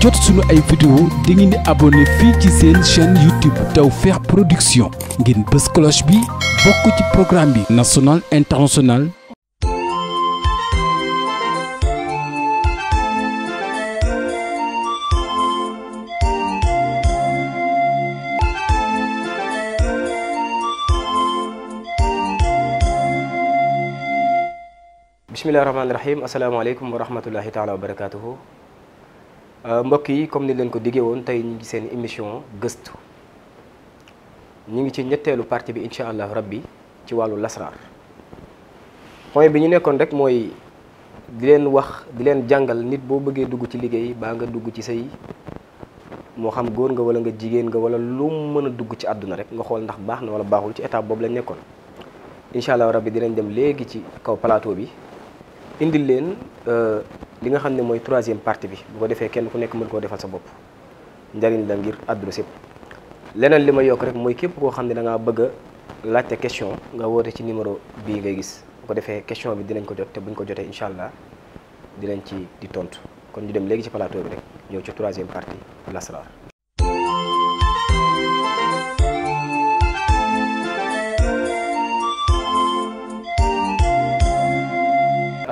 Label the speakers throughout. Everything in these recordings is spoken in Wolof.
Speaker 1: jot suñu ay vidéo da ngeen di abonné fii ci seen chaîne YouTube Tawfekh Production ngeen bës cloche bi bokk ci programme bi national international bismillahi rahmaani rahim asalaamaaleykum wa rahmatullahi taala wa Euh, mbokk yi comme ni leen ko diggee woon tey ñu ngi seen émission gëstu ñu ngi ci ñetteelu partie bi incha allah rabbi ci wàllu lasraar point bi ñu nekkoon rek mooy di leen wax di leen jàngal nit boo bëggee dugg ci liggéey baa nga dugg ci say moo xam góor nga wala nga jigéen nga wala lu mën a dugg ci àdduna rek nga xool ndax baax na wala baaxul ci étape boobu lañ nekkoon incha allah rabbi dinañ dem léegi ci kaw plateau bi indil leen. Euh, li nga xam ne mooy troisième partie bi bu ko defee kenn ku nekk mën koo defal sa bopp njariñ la ngir àdduna sépp leneen li ma yokk rek mooy képp koo xam ne da ngaa bëgg a question nga woote ci numéro bii ngay gis bu ko defee question bi dinañ ko jot te buñ ko jotee incha allah dinañ ci di tontu kon ñu dem léegi ci plateau bi rek ñëw ci troisième partie l'asrar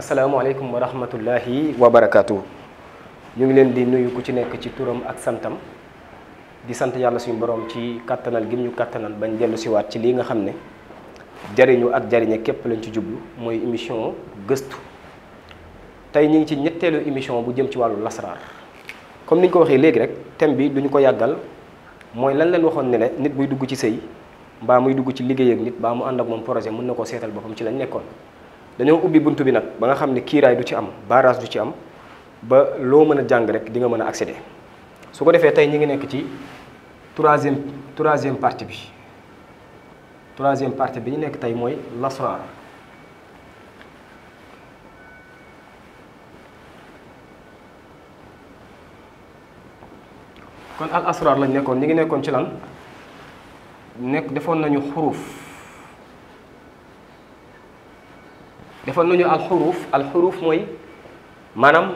Speaker 1: asalaamaaleykum wa rahmatullahi wa barakaatu. ñu ngi leen di nuyu ku ci nekk ci turam ak santam di sant yàlla suñu borom ci kattanal gim ñu kàttanal bañ dellu siwaat ci lii nga xam ne jariñu ak jariñe képp lañ ci jublu mooy émission gëstu tey ñu ngi ci ñetteelu émission bu jëm ci wàllu lasraar comme ni ñu ko waxee léegi rek thème bi duñu ko yàggal mooy lan leen waxoon ne ne nit buy dugg ci sëy mbaa muy dugg ci liggéey ak nit mbaa mu ànd ak moom projet mën na koo seetal boppam ci lañ nekkoon dañoo ubbi bunt bi nag ba nga xam ne kiiraay du ci am barrage du ci am ba loo mën a jàng rek di nga mën a accéder su ko defee tey ñu ngi nekk ci troisième troisième partie bi troisième partie bi ñu nekk tey mooy lasraar kon al asraar lañ nekkoon ñu ngi nekkoon ci lan nekk defoon nañu xuruuf defal nañu alxuruf alxuruf mooy maanaam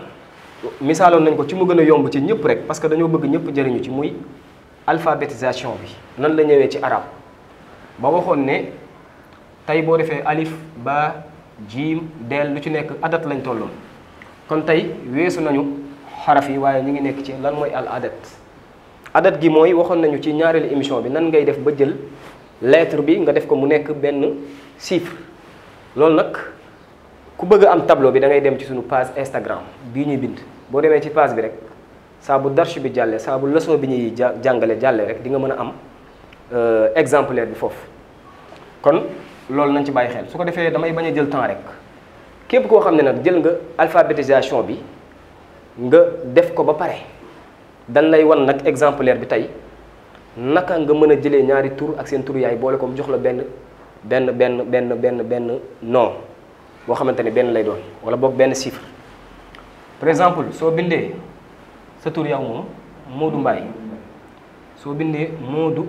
Speaker 1: misaaloon nañ ko ci mu gën a yomb ci ñëpp rek parce que dañoo bëgg ñëpp jëriñu ci muy alphabétisation bi nan la ñëwee ci arab ba waxoon ne tey boo defee alif ba jiim dell lu ci nekk adat lañ tolloon kon tey weesu nañu xaraf yi waaye ñu ngi nekk ci lan mooy al adat adat gi mooy waxoon nañu ci ñaareelu émission bi nan ngay def ba jël leetre bi nga def ko mu nekk benn chiffre loolu nag ku bëgg am tableau bi dangay dem ci suñu page Instagram bii ñuy bind boo demee ci page bi rek saabu bu bi jàllee saabu bu bi ñuy jàngale jàlle rek di nga mën a am euh, exemplaire bi foofu kon loolu nañ ci bàyyi xel su ko defee damay bañ a jël temps rek képp koo xam ne nag jël nga alphabétisation bi nga def ko ba pare dañ lay wan nag exemplaire bi tey naka nga mën a jëlee ñaari tur ak seen tur yaay boole ko jox la benn benn benn benn benn benn non boo xamante ne benn lay doon wala boog benn chiffre par exemple soo bindee sa tur yow moom Modou mbaay soo bindee Modou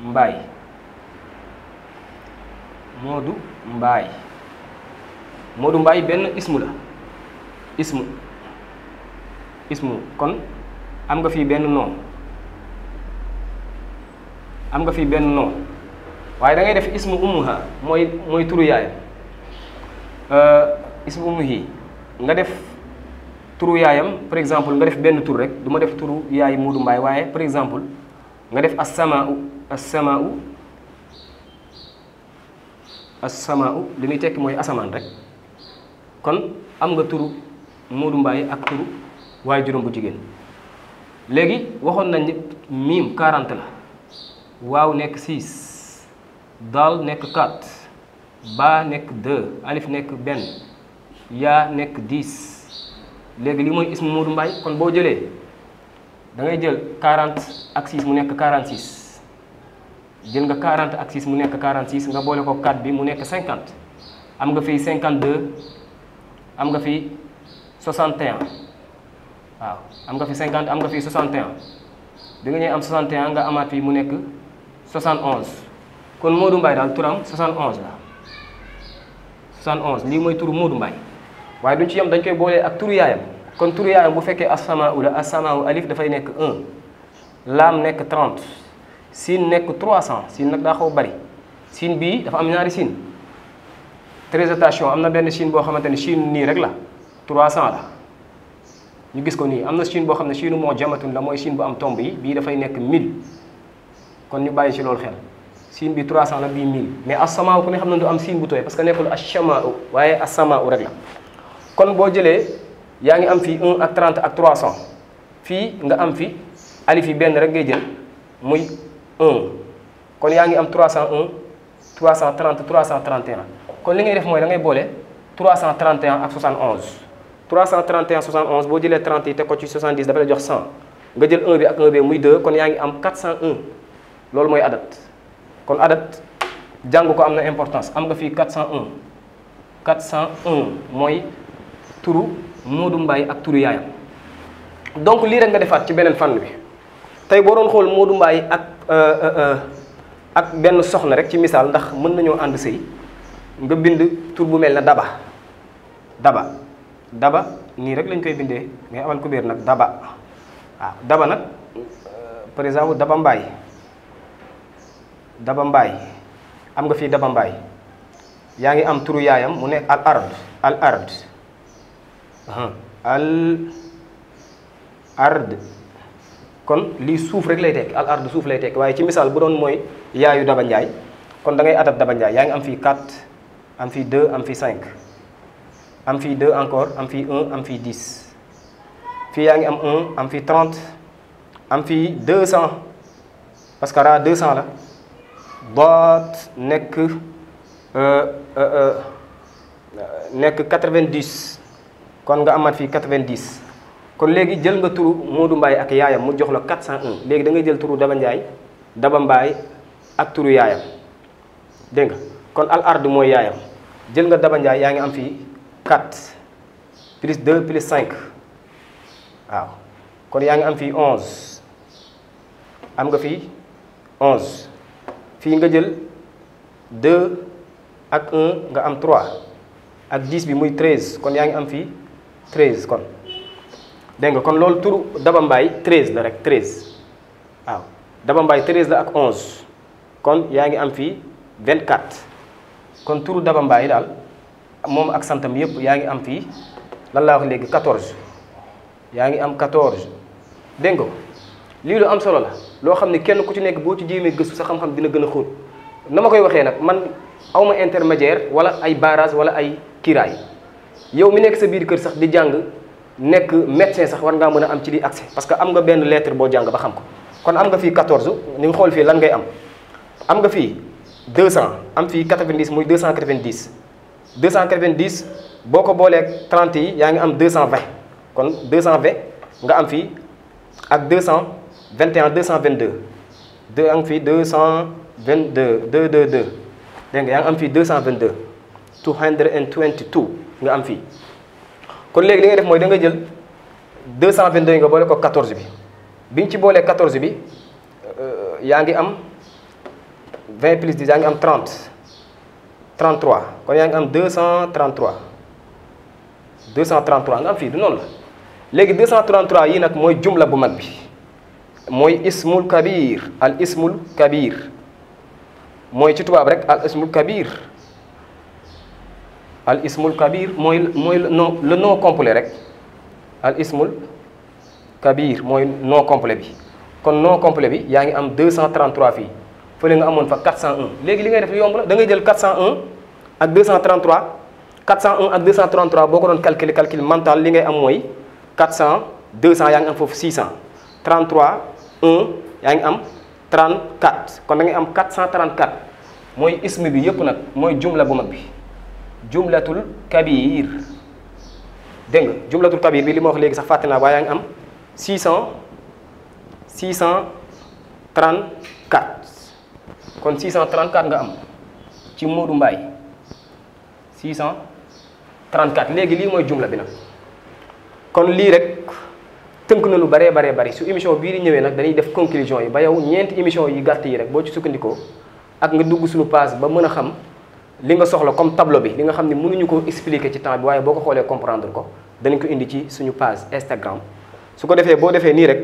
Speaker 1: Mbaye Modou mbaay Modou Mbaye benn ismu la ismu ismu kon am nga fii benn nom am nga fi benn nom waaye dangay def ismu umuha mooy mooy turu yaayam Euh, isbu yi nga def turu yaayam par exemple nga def benn tur rek du ma def turu yaay Moodu Mbaay waaye par exemple nga def asamaau asamaau asamaau li muy tekki mooy asamaan rek kon am nga turu Moodu Mbaay ak turu waaye juróom bu jigéen léegi waxoon nañ ni miim 40 la waaw nekk 6 daal nekk 4 ba nekk 2 alif nekk benn yaa nekk 10 léegi li mooy ismu Modou Mbaye kon boo jëlee dangay jël 40 ak 6 mu nekk 46 jël nga 40 ak 6 mu nekk 46 nga boole ko 4 bi mu nekk 50 am nga fii 52 am nga fi 61 waaw am nga fi 50 am nga fii 61 bi nga am 61 nga amaat fii mu nekk 71 kon Modou mbaay daal turam 71 la. 71 lii mooy turu Modou Mbaye waaye duñ ci yem dañ koy boolee ak turu yaayam kon turu yaayam bu fekkee asamaaw la asamaaw alif dafay nekk 1 laam nekk 30 siin nekk 300 siin nag daa xaw bari siin bii dafa am ñaari siin trésetation am na benn siin boo xamante ne siin nii rek la 300 la ñu gis ko nii am na siin boo xam ne siinu moo jamatun la mooy siin bu am tomb yi bii dafay nekk 1000 kon ñu bàyyi ci loolu xel siin bi 300 la bii 1000 mais asamaa ku ne xam na du am siin bu tooy parce que nekkul asamaa waaye asamaa rek la kon boo jëlee yaa ngi am fii 1 ak 30 ak 300 fii nga am fi alif yi benn rek ngay jël muy 1 kon yaa ngi am 301 330 331 kon li ngay def mooy da ngay boole 331 ak 71 331 71 boo jëlee 30 yi teg ko ci 70 dafa lay jox 100 nga jël 1 bi ak 1 bi muy 2 kon yaa ngi am 401 loolu mooy adat kon adat jàng ko am na importance am nga fii cent 401 mooy turu Modou Mbaye ak turu yaayam donc lii rek nga defaat ci beneen fànn bi tey boo doon xool Modou mbaay ak euh, euh, euh, ak benn soxna rek ci misaal ndax mën nañoo ànd sëy nga bind tur bu mel na daba daba daba nii rek lañ koy bindee mais amal ku biir nag daba waaw daba nag par exemple daba mbaay daba mbaay am nga fii daba yaa ngi am turu yaayam mu ne al ard al ard al ard kon lii suuf rek lay tekki al ard suuf lay tek waaye ci misaal bu doon mooy yaayu daba njaay kon dangay ngay adat yaa ngi am fii 4 am fii 2 am fii 5 am fii 2 encore am fii 1 am fii 10 fii yaa ngi am 1 am fii 30 am fii 200 parce que ra 200 la daat nekk euh, euh, euh, nekk quatre-vingt-dix kon nga amaat fii quatre-vingt-dix kon léegi jël nga turu Modou Mbaye ak yaayam mu jox la quatre cent un léegi dangay jël turu Daba Ndiaye Daba Mbaye ak turu yaayam dégg nga kon al ard mooy yaayam jël nga Daba Ndiaye yaa ngi am fii quatre plus deux plus cinq waaw kon yaa ngi am fii onze am nga fii onze fii nga jël 2 ak 1 nga am 3 ak 10 bi muy 13 kon yaa ngi am fii 13 kon dégg nga kon loolu turu dabambaay 13 la rek 13 waaw dabambaay 13 la ak 11 kon yaa ngi am fi fii 24 kon turu dabambaay daal moom ak santam yëpp yaa ngi am fii lan laa wax léegi 14 yaa ngi am 14 dégg nga lii lu am solo la loo xam ne kenn ku ci nekk boo ci jéemee gëstu sa xam-xam dina gën a xóot na ma koy waxee nag man awma intermédiaire wala ay barrage wala ay kiiraay yow mu nekk sa biir kër sax di jàng nekk médecin sax war ngaa mën a am ci li accès parce que am nga benn lettre boo jàng ba xam ko kon am nga fii 14 ni ngi xool fii lan ngay am am nga fii 200 am fii 90 muy 290 290 boo ko boolee 30 yi yaa ngi am 220 kon 220 nga am fii ak 200 deux 21 222 deux deux ngi fi 222 deux dégg nga yaa ngi am fii 222 222 nga am fii kon léegi li nga def mooy da nga jël 222 yi nga boole ko 14 bi bi ñu ci boolee 14 bi euh, yaa ngi am 20 plus 10 yaa ngi am 30 33 kon yaa ngi am 233 233 nga am fii du noonu la léegi 233 yi nag mooy jumla bu mag bi. mooy ismul kabir al ismul kabir mooy ci tubaab rek al ismul kabir al ismul kabir mooy mooy nom le nom complet rek al ismul kabir mooy nom complet bi kon nom complet bi yaa ngi am 233 fii fële amoon fa 401 léegi li ngay def yomb la da ngay jël 401 ak 233 401 ak 233 boo ko doon calculer calcul mental li ngay am mooy 400 200 yaa ngi am foofu 600 33 1 e, yaa ngi am 34 kon da ngay am 434 mooy ism bi yëpp nag mooy jumla bu mag bi jumlatul kabir dégg nga jumlatul kabir bi li ma léegi sax fàtte naa waaye yaa ngi am 600 634 kon 634 nga am ci Modou Mbaye 634 léegi lii mooy jumla bi nag kon lii rek. tënk na lu baree baree bari su émission bii di ñëwee nag dañuy def conclusion yi ba yow ñeenti émission yi gàtt yi rek boo ci sukkandikoo ak nga dugg suñu page ba mën a xam li nga soxla comme tableau bi li nga xam ne mënuñu ko expliquer ci temps bi waaye boo ko xoolee comprendre ko danañ ko indi ci suñu page Instagram su ko defee boo defee nii rek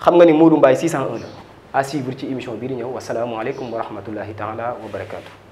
Speaker 1: xam nga ni Modou Mbaye 601 la à suivre ci émission bii di ñëw wasalaamualeykum wa rahmatullahi taala wa barakaatu.